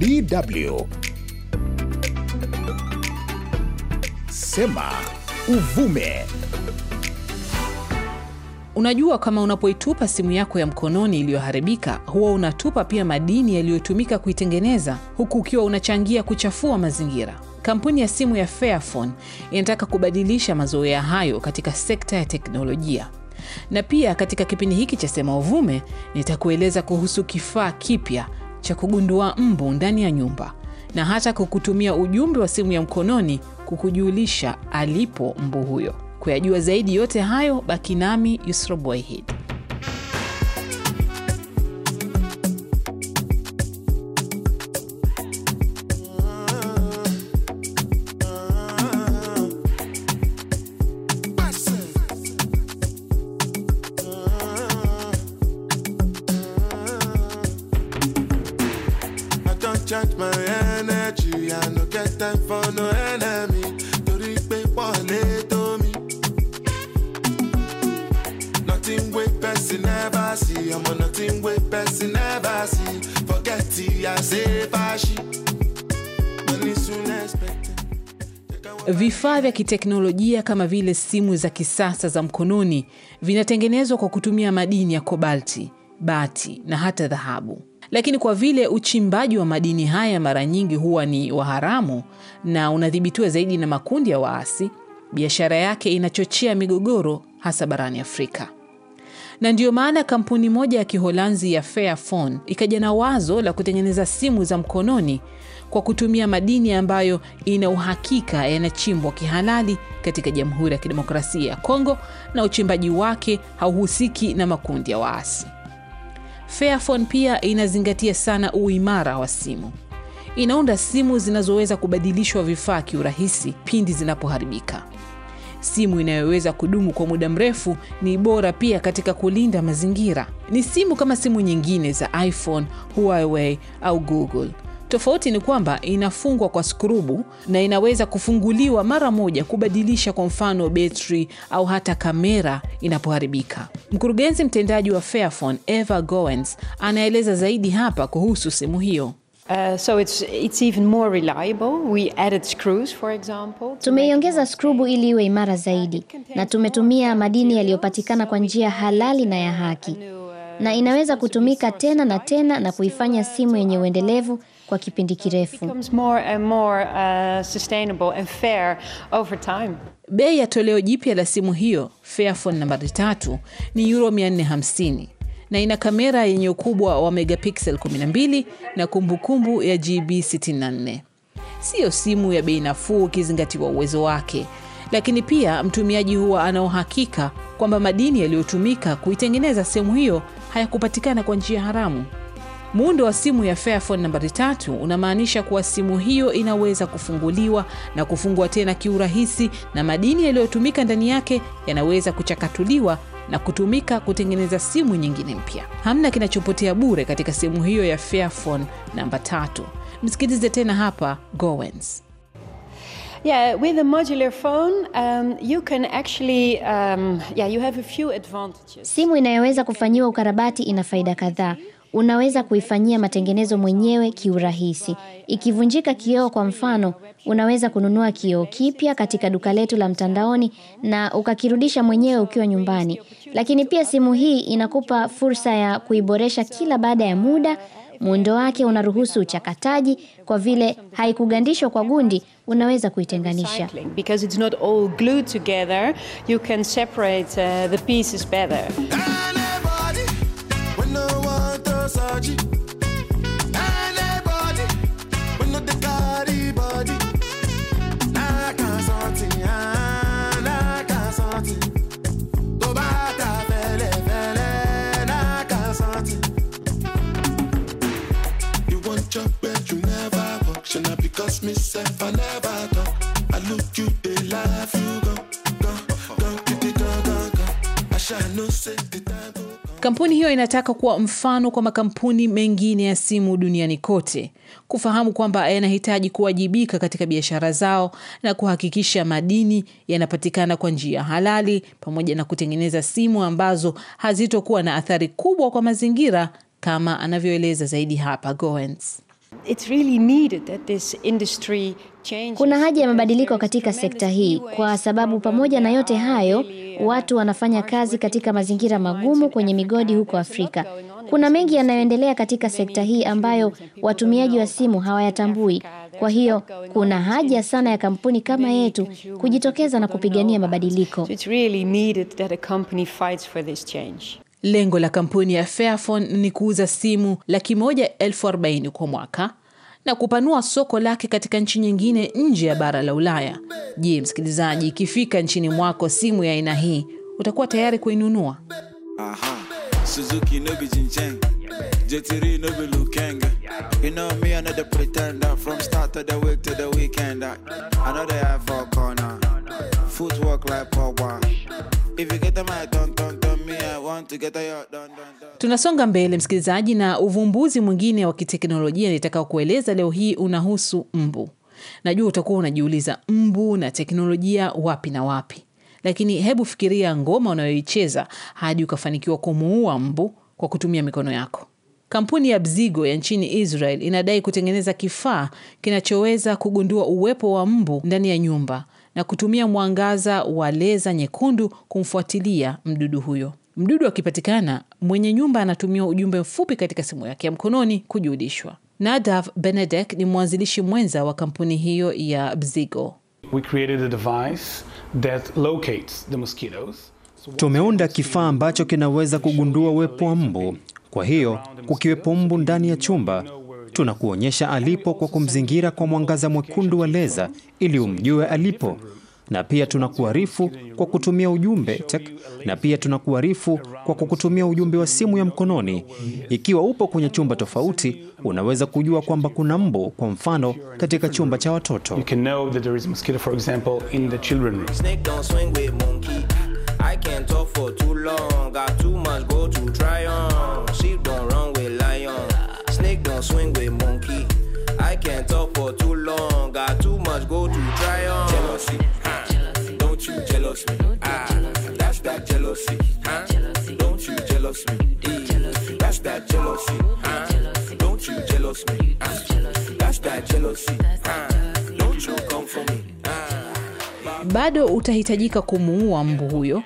DW Sema Uvume. Unajua, kama unapoitupa simu yako ya mkononi iliyoharibika, huwa unatupa pia madini yaliyotumika kuitengeneza, huku ukiwa unachangia kuchafua mazingira. Kampuni ya simu ya Fairphone inataka kubadilisha mazoea hayo katika sekta ya teknolojia. Na pia katika kipindi hiki cha Sema Uvume nitakueleza kuhusu kifaa kipya cha kugundua mbu ndani ya nyumba na hata kukutumia ujumbe wa simu ya mkononi kukujulisha alipo mbu huyo. Kuyajua zaidi yote hayo, baki nami recharge my energy. I no get time for no enemy. Torí pé wọlé tó me. Nothing with person never see. I'm on nothing with person never see. Forget it, I say fàṣì. Money soon expected. Vifaa vya kiteknolojia kama vile simu za kisasa za mkononi vinatengenezwa kwa kutumia madini ya kobalti, bati na hata dhahabu. Lakini kwa vile uchimbaji wa madini haya mara nyingi huwa ni wa haramu na unadhibitiwa zaidi na makundi ya waasi, biashara yake inachochea migogoro hasa barani Afrika. Na ndiyo maana kampuni moja ya Kiholanzi ya Fairphone ikaja na wazo la kutengeneza simu za mkononi kwa kutumia madini ambayo ina uhakika yanachimbwa kihalali katika Jamhuri ya Kidemokrasia ya Kongo na uchimbaji wake hauhusiki na makundi ya waasi. Fairphone pia inazingatia sana uimara wa simu. Inaunda simu zinazoweza kubadilishwa vifaa kiurahisi pindi zinapoharibika. Simu inayoweza kudumu kwa muda mrefu ni bora pia katika kulinda mazingira. Ni simu kama simu nyingine za iPhone, Huawei au Google. Tofauti ni kwamba inafungwa kwa skrubu na inaweza kufunguliwa mara moja kubadilisha, kwa mfano, betri au hata kamera inapoharibika. Mkurugenzi mtendaji wa Fairphone Eva Goens anaeleza zaidi hapa kuhusu simu hiyo. Uh, so it's, it's even more reliable. We added screws, for example. Tumeiongeza skrubu ili iwe imara zaidi na tumetumia madini yaliyopatikana kwa njia halali uh, na ya haki, uh, na inaweza kutumika tena na tena na kuifanya simu yenye uendelevu kwa kipindi kirefu. Uh, bei ya toleo jipya la simu hiyo Fairphone nambari 3 ni euro 450 na ina kamera yenye ukubwa wa megapixel 12 na kumbukumbu -kumbu ya GB 64. Siyo simu ya bei nafuu ukizingatiwa uwezo wake, lakini pia mtumiaji huwa ana uhakika kwamba madini yaliyotumika kuitengeneza simu hiyo hayakupatikana kwa njia haramu. Muundo wa simu ya Fairphone nambari tatu unamaanisha kuwa simu hiyo inaweza kufunguliwa na kufungwa tena kiurahisi, na madini yaliyotumika ndani yake yanaweza kuchakatuliwa na kutumika kutengeneza simu nyingine mpya. Hamna kinachopotea bure katika simu hiyo ya Fairphone namba tatu. Msikilize tena hapa Gowens. Yeah, with a modular phone, um, you can actually, um, yeah, you have a few advantages. Simu inayoweza kufanyiwa ukarabati ina faida kadhaa unaweza kuifanyia matengenezo mwenyewe kiurahisi. Ikivunjika kioo kwa mfano, unaweza kununua kioo kipya katika duka letu la mtandaoni na ukakirudisha mwenyewe ukiwa nyumbani. Lakini pia simu hii inakupa fursa ya kuiboresha kila baada ya muda. Muundo wake unaruhusu uchakataji kwa vile haikugandishwa kwa gundi, unaweza kuitenganisha. Because it's not all glued together, you can separate uh, the pieces better. body. Anybody, we carry body. You want your you never because myself, I never talk. I look you, they laugh, you go, go, go, go, go, go, go. I shall not say the Kampuni hiyo inataka kuwa mfano kwa makampuni mengine ya simu duniani kote, kufahamu kwamba yanahitaji kuwajibika katika biashara zao na kuhakikisha madini yanapatikana kwa njia halali, pamoja na kutengeneza simu ambazo hazitokuwa na athari kubwa kwa mazingira, kama anavyoeleza zaidi hapa Goens. It's really needed that this industry changes. Kuna haja ya mabadiliko katika uh, sekta hii kwa sababu pamoja na yote hayo watu wanafanya kazi katika mazingira magumu kwenye migodi huko Afrika. Kuna mengi yanayoendelea katika sekta hii ambayo watumiaji wa simu hawayatambui. Kwa hiyo kuna haja sana ya kampuni kama yetu kujitokeza na kupigania mabadiliko. Lengo la kampuni ya Fairphone ni kuuza simu laki moja elfu arobaini kwa mwaka na kupanua soko lake katika nchi nyingine nje ya bara la Ulaya. Je, msikilizaji, ikifika nchini mwako simu ya aina hii utakuwa tayari kuinunua? Aha. Suzuki Tunasonga mbele msikilizaji, na uvumbuzi mwingine wa kiteknolojia nitakao kueleza leo hii unahusu mbu. Najua utakuwa unajiuliza mbu na teknolojia, wapi na wapi? Lakini hebu fikiria ngoma unayoicheza hadi ukafanikiwa kumuua mbu kwa kutumia mikono yako. Kampuni ya Bzigo ya nchini Israel inadai kutengeneza kifaa kinachoweza kugundua uwepo wa mbu ndani ya nyumba na kutumia mwangaza wa leza nyekundu kumfuatilia mdudu huyo. Mdudu akipatikana, mwenye nyumba anatumia ujumbe mfupi katika simu yake ya mkononi kujulishwa. Nadav Benedek ni mwanzilishi mwenza wa kampuni hiyo ya Bzigo. tumeunda kifaa ambacho kinaweza kugundua uwepo wa mbu. Kwa hiyo kukiwepo mbu ndani ya chumba, tunakuonyesha alipo kwa kumzingira kwa mwangaza mwekundu wa leza ili umjue alipo na pia tunakuarifu kwa kutumia ujumbe tek, na pia tunakuarifu kwa kukutumia ujumbe wa simu ya mkononi. Ikiwa upo kwenye chumba tofauti, unaweza kujua kwamba kuna mbu, kwa mfano, katika chumba cha watoto. Swing with monkey. I can't talk for too long. Got too much go to try on. bado utahitajika kumuua mbu huyo,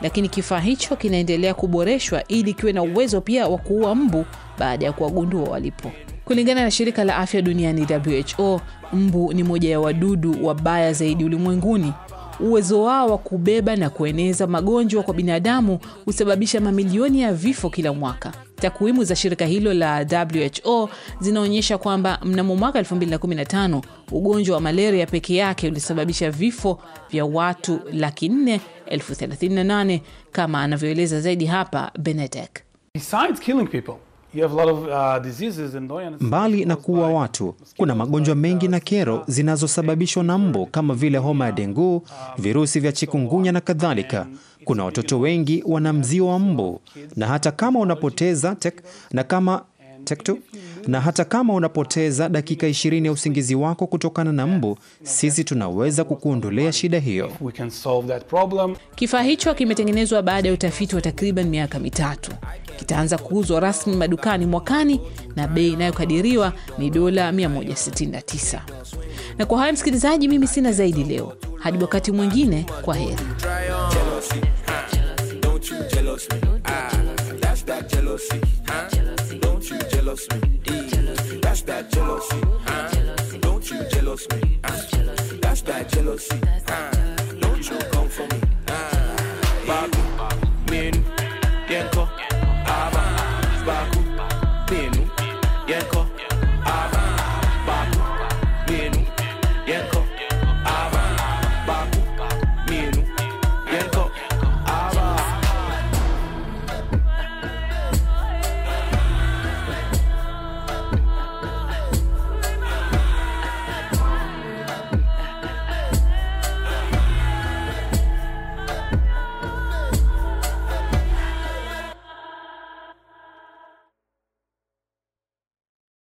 lakini kifaa hicho kinaendelea kuboreshwa ili kiwe na uwezo pia wa kuua mbu baada ya kuwagundua walipo. Kulingana na shirika la afya duniani WHO, mbu ni moja ya wadudu wabaya zaidi ulimwenguni. Uwezo wao wa kubeba na kueneza magonjwa kwa binadamu husababisha mamilioni ya vifo kila mwaka. Takwimu za shirika hilo la WHO zinaonyesha kwamba mnamo mwaka 2015 ugonjwa wa malaria peke yake ulisababisha vifo vya watu laki nne elfu thelathini na nane kama anavyoeleza zaidi hapa Benedek. Besides killing people Uh, Mbali na kuua watu, kuna magonjwa mengi uh, na kero zinazosababishwa na mbu uh, kama vile homa ya dengu, virusi vya chikungunya na kadhalika. Kuna watoto wengi wana mzio wa mbu, na hata kama unapoteza tek, na kama detective. Na hata kama unapoteza dakika 20 ya usingizi wako kutokana na mbu, sisi tunaweza kukuondolea shida hiyo. Kifaa hicho kimetengenezwa baada ya utafiti wa takriban miaka mitatu. Kitaanza kuuzwa rasmi madukani mwakani na bei inayokadiriwa ni dola 169. Na kwa haya, msikilizaji, mimi sina zaidi leo. Hadi wakati mwingine, kwa heri. Jealousy, huh? jealous me. That's that jealousy. Don't you jealous me. That's that jealousy.